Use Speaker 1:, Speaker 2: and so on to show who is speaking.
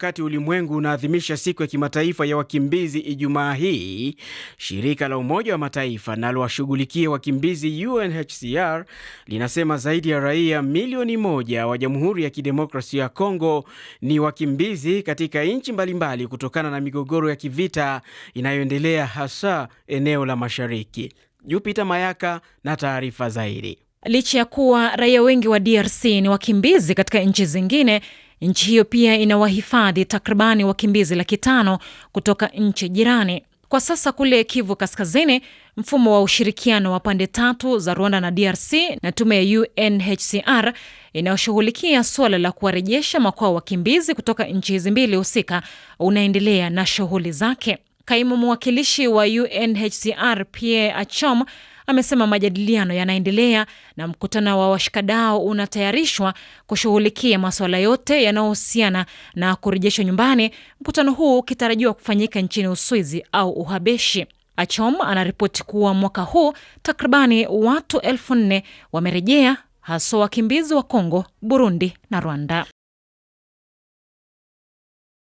Speaker 1: Wakati ulimwengu unaadhimisha siku ya kimataifa ya wakimbizi Ijumaa hii, shirika la Umoja wa Mataifa linalowashughulikia wakimbizi UNHCR linasema zaidi ya raia milioni moja wa Jamhuri ya Kidemokrasia ya Kongo ni wakimbizi katika nchi mbalimbali kutokana na migogoro ya kivita inayoendelea hasa eneo la mashariki. Jupita Mayaka na taarifa zaidi.
Speaker 2: Licha ya kuwa raia wengi wa DRC ni wakimbizi katika nchi zingine Nchi hiyo pia inawahifadhi takribani wakimbizi laki tano kutoka nchi jirani. Kwa sasa kule Kivu Kaskazini, mfumo wa ushirikiano wa pande tatu za Rwanda na DRC na tume ya UNHCR inayoshughulikia suala la kuwarejesha makwao wakimbizi kutoka nchi hizi mbili husika unaendelea na shughuli zake. Kaimu mwakilishi wa UNHCR Pierre Achom amesema majadiliano yanaendelea na mkutano wa washikadao unatayarishwa kushughulikia masuala yote yanayohusiana na kurejeshwa nyumbani, mkutano huu ukitarajiwa kufanyika nchini Uswizi au Uhabeshi. Achom anaripoti kuwa mwaka huu takribani watu elfu nne wamerejea haswa wakimbizi wa Kongo, Burundi na Rwanda.